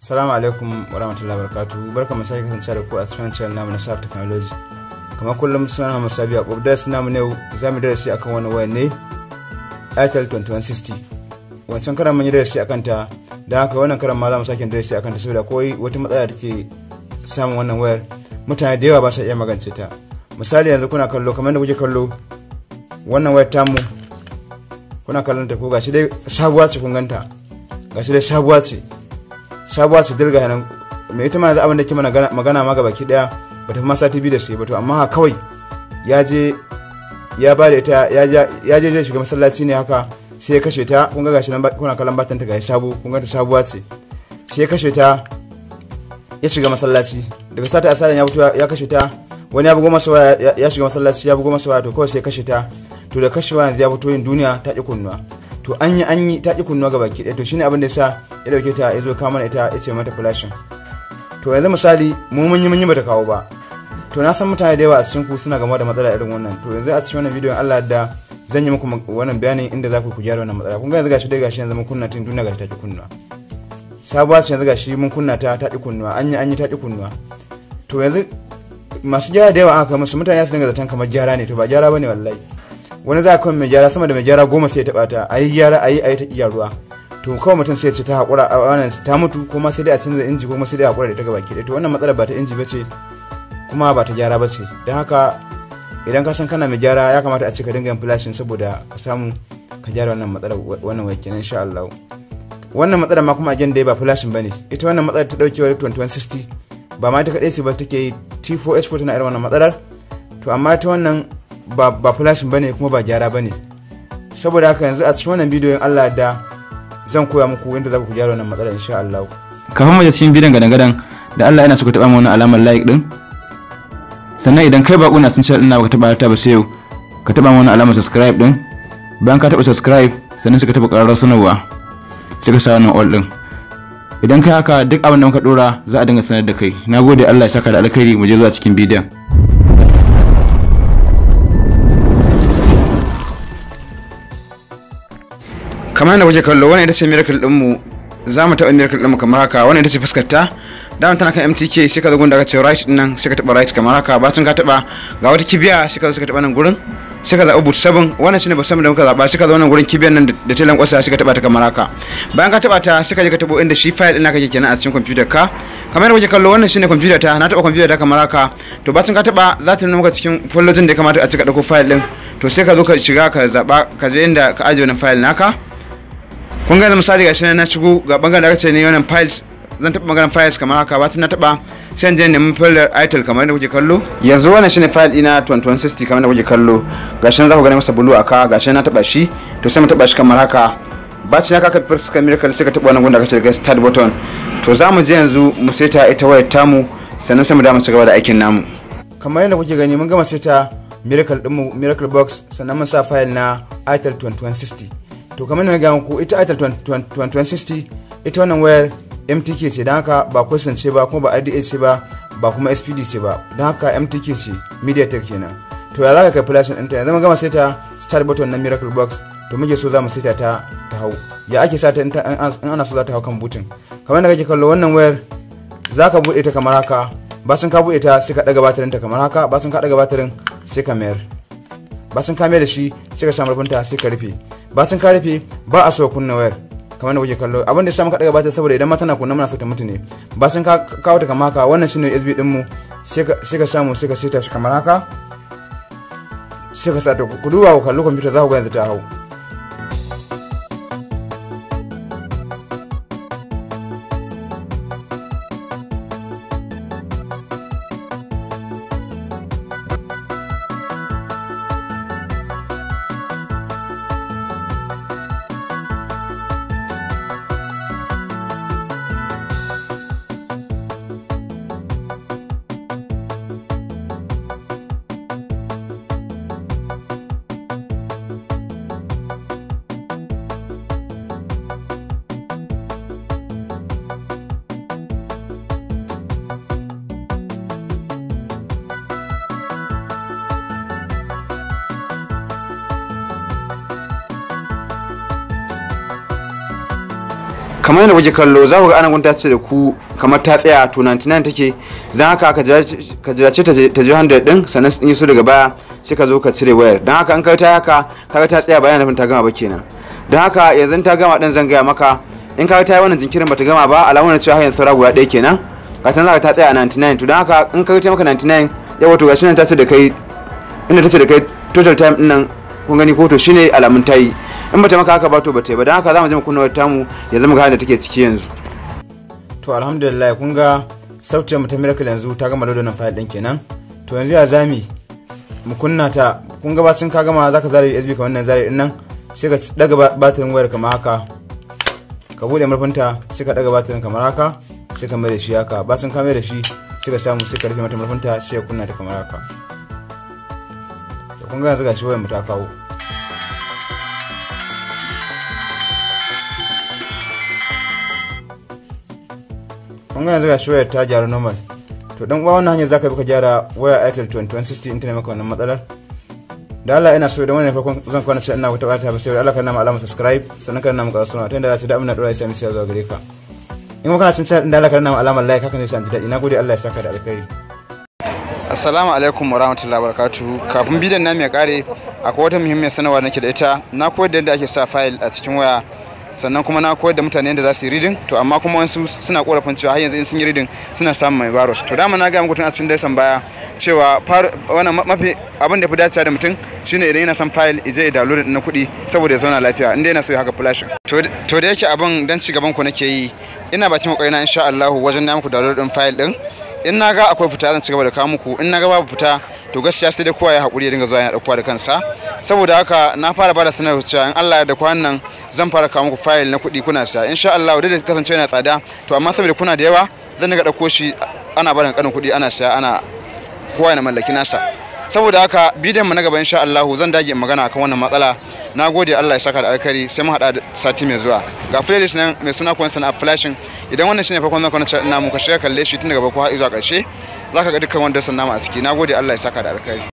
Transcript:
Assalamu alaikum wa rahmatullahi wa barakatuhu barka mu sake kasance da ku a cikin channel namu na Saf Technology. Kamar kullum suna Muhammad sabiya Yakub da suna mu ne za mu darasi akan wani wayar ne Airtel 2160. Wancan karan mun yi darasi akan ta da haka wannan karan ma za mu sake darasi akan ta saboda koi wata matsala take ke samun wannan wayar mutane da yawa ba sa iya magance ta. misali yanzu kuna kallo kamar da kuke kallo wannan wayar tamu kuna kallon ta ko gashi dai sabuwa ce kun ganta gashi dai sabuwa ce sabuwa ce dirga nan mai ita ma yanzu abin da ke magana ma ga baki daya ta fi ma sati biyu da sai ba to amma ha kawai ya je ya ba da ita ya je zai shiga masallaci ne haka sai ya kashe ta kun ga gashi nan kuna kallon batan ta gashi sabu kun ganta sabuwa ce sai ya kashe ta ya shiga masallaci daga sata asalin ya fito ya kashe ta wani ya bugo masa waya ya shiga masallaci ya bugo masa waya to kawai sai kashe ta to da kashewa yanzu ya fito yin duniya ta ki kunnuwa to an yi an yi ta ki kunnuwa gaba ki to shine abin da yasa ya dauke ta ya zo kama mana ita ya ce mata flashin to yanzu misali mu mun yi mun yi bata kawo ba to na san mutane da yawa a cikin ku suna gama da matsala irin wannan to yanzu a cikin wannan bidiyon Allah da zan yi muku wannan bayanin inda za ku ku gyara wannan matsala kun ga yanzu gashi dai gashi yanzu mun kunna tun duniya gashi ta ki kunnuwa sabuwa yanzu gashi mun kunna ta ta ki kunnuwa an yi an yi ta ki kunnuwa to yanzu masu gyara da yawa aka musu mutane su dinga zaton kamar gyara ne to ba gyara bane wallahi wani za ka mai gyara sama da mai gyara goma sai ta bata ayi gyara ayi ayi ta iya ruwa to kawai mutum sai ce ta hakura a wannan ta mutu ko kuma sai dai a canza inji ko kuma sai dai hakura da ta gaba ki to wannan matsalar ba ta inji ba ce kuma ba ta gyara ce don haka idan ka san kana mai gyara ya kamata a ce ka dinga yin flashing saboda ka samu ka gyara wannan matsalar wannan wake kenan insha Allah wannan matsalar ma kuma a da ba flashing bane ita wannan matsalar ta dauke wa 2160 ba ma ta kaɗe su ba take yi t4h4 tana irin wannan matsalar to amma ta wannan ba flashin ba ne kuma ba gyara ba ne saboda haka yanzu a cikin wannan bidiyon Allah da zan koya muku yadda za ku gyara wannan matsalar insha Allah kafin mu cikin bidiyon gadan-gadan da Allah yana so ka taba mu wannan alamar like din sannan idan kai baƙo na sun ce ina ka taba ta ba sai ka taba mu wannan alamar subscribe din bayan ka taba subscribe sannan sai ka taba sanarwa sai ka sa wannan all din idan kai haka duk abin da muka dora za a dinga sanar da kai na gode Allah ya saka da alkhairi mu je zuwa cikin bidiyon kamar da kuke kallo wannan ita ce miracle din mu za mu taɓa miracle din mu kamar haka wannan ita ce fuskar ta dama tana kan MTK sai ka zo gunda ka ce right din nan sai ka taɓa right kamar haka ba sun ka taɓa ga wata kibiya sai ka zo sai ka taɓa nan gurin suka zaɓi boot sabon wannan shine ba samun da muka zaɓa suka zo wannan gurin kibiyar nan da telan kwasa suka taɓa ta kamar haka bayan ka taɓa ta suka je ka taɓo inda shi file ɗin kake kenan a cikin kwamfutar ka kamar yadda kuke kallo wannan shine kwamfutar ta na taɓa kwamfutar ta kamar haka to bacin ka taɓa za ta nuna maka cikin follojin da ya kamata a cika ɗauko file ɗin to sai ka zo ka shiga ka zaɓa ka je inda ka ajiye wannan file naka kun ga misali ga shi na shigo ga bangaren da aka ce ne wannan files zan taba magana files kamar haka ba na taba sai in je folder itel kamar da kuke kallo yanzu wannan shine file ina 2160 kamar da kuke kallo gashin za ku gani masa bulu aka gashin na taɓa shi to sai mu taɓa shi kamar haka shi haka ka fi suka miracle sai ka taɓa wannan gunda ka ce start button to za mu je yanzu mu saita ita wayar tamu sannan sai mu dama su gaba da aikin namu kamar yadda kuke gani mun gama seta miracle mu miracle box sannan mun sa file na itel 2160 to kamar yadda na gaya muku ita itel 2160 ita wannan wayar mtk ce don haka ba question ce ba kuma ba rda ce ba ba kuma spd ce ba don haka mtk ce mediatek kenan to ya za ka kai flashing ɗinta yanzu mun gama saita start button na miracle box to muke so za mu saita ta ta hau ya ake sa ta in ana so za ta hau kan butin kamar yadda kake kallo wannan wayar za ka buɗe ta kamar haka basun ka buɗe ta sai ka ɗaga batirin ta kamar haka basun ka ɗaga batirin sai ka mayar basun ka mayar da shi sai ka samu ta sai ka rufe basun ka rufe ba a so kunna wayar kamar da kuke kallo abin da ya sa muka daga bata saboda idan ma tana kunna muna sauta mutu ne ba sun kawo ta kamar haka wannan shine USB din mu sai ka samu sai ka seta shi kamar haka sai ka sa ta ku duba ku kwamfuta computer za ku ga yanzu ta hau kamar yadda kuke kallo za ku ga ana gunta ce da ku kamar ta tsaya to 99 take don haka ka jira ce ta je 100 din sannan in so daga baya sai ka zo ka cire wayar don haka an karta ta haka kaga ta tsaya bayan nufin ta gama ba kenan don haka yanzu ta gama din zan gaya maka in kaga ta yi wannan jinkirin bata gama ba alamun cewa hanyar saura guda ɗaya kenan ka tan za ta tsaya a 99 to don haka in kaga ta maka 99 yawa to gashi nan ta ce da kai inda ta ce da kai total time din nan kun gani ko to shine alamun ta yi in ba ta maka haka ba to ba ta yi ba don haka za mu je mu kunna wata tamu ya zama ga da take ciki yanzu to alhamdulillah kun ga sautin mu ta miracle yanzu ta gama da nan fayil din kenan to yanzu ya zami mu kunna ta kun ga ba sun ka gama zaka zare USB kamar wannan zare din nan sai ka daga batirin wayar kamar haka ka bude murfinta sai ka daga batirin kamar haka sai ka mai da shi haka ba sun ka mai da shi sai ka samu sai ka rufe mata murfinta sai ka kunna ta kamar haka kun ga yanzu ga shi wayar mu ta kawo kun ga yanzu ga ta gyaru normal to dan uwa wannan hanyar zaka bi ka gyara waya Airtel 2160 internet maka wannan matsalar da Allah ina so da wannan farkon zan kwana cewa ina wata bata ba sai Allah kana alama subscribe sannan kana mu karatu ta inda za ta da amina dora sai mu sai zuwa gare ka in kuma kana cin cewa da Allah kana alamar like haka ne sai an ji na gode Allah ya saka da alkhairi Assalamu alaikum wa rahmatullahi wa barakatuhu kafin bidan na mai kare akwai wata muhimmiyar sanarwa nake da ita na koyar da yadda ake sa file a cikin waya sannan kuma na koyar da mutane yadda za su yi reading to amma kuma wasu suna korafin cewa har yanzu in sun yi reading suna samun mai virus to dama na ga mutum a cikin daisan baya cewa wannan mafi abin da fi dacewa da mutum shine idan yana son file ije ya download na kuɗi saboda ya zauna lafiya inda yana so ya haka flash to da yake abin dan ci gaban ku nake yi ina bakin kokarina insha Allah wajen na muku download din file din in na ga akwai fita zan ci gaba da kawo muku in na ga babu fita to gaskiya sai dai kowa ya haƙuri ya dinga zuwa yana ɗaukowa da kansa saboda haka na fara bada sanarwa cewa in Allah ya da kwanan nan zan fara kawo muku fayil na kuɗi kuna siya insha Allah da kasancewa yana tsada to amma saboda kuna da yawa zan daga ɗauko shi ana barin kanin kuɗi ana siya ana kowa yana mallaki nasa saboda haka bidiyon mu na gaba insha Allah zan dage magana akan wannan matsala na gode Allah ya saka da alkhairi sai mu hada sati mai zuwa ga playlist nan mai suna kwan sana flashing idan wannan shine farkon zaka na mu ka shiga kalle shi tun daga bako har zuwa karshe zaka ga dukkan wanda sanna mu a ciki na gode Allah ya saka da alkhairi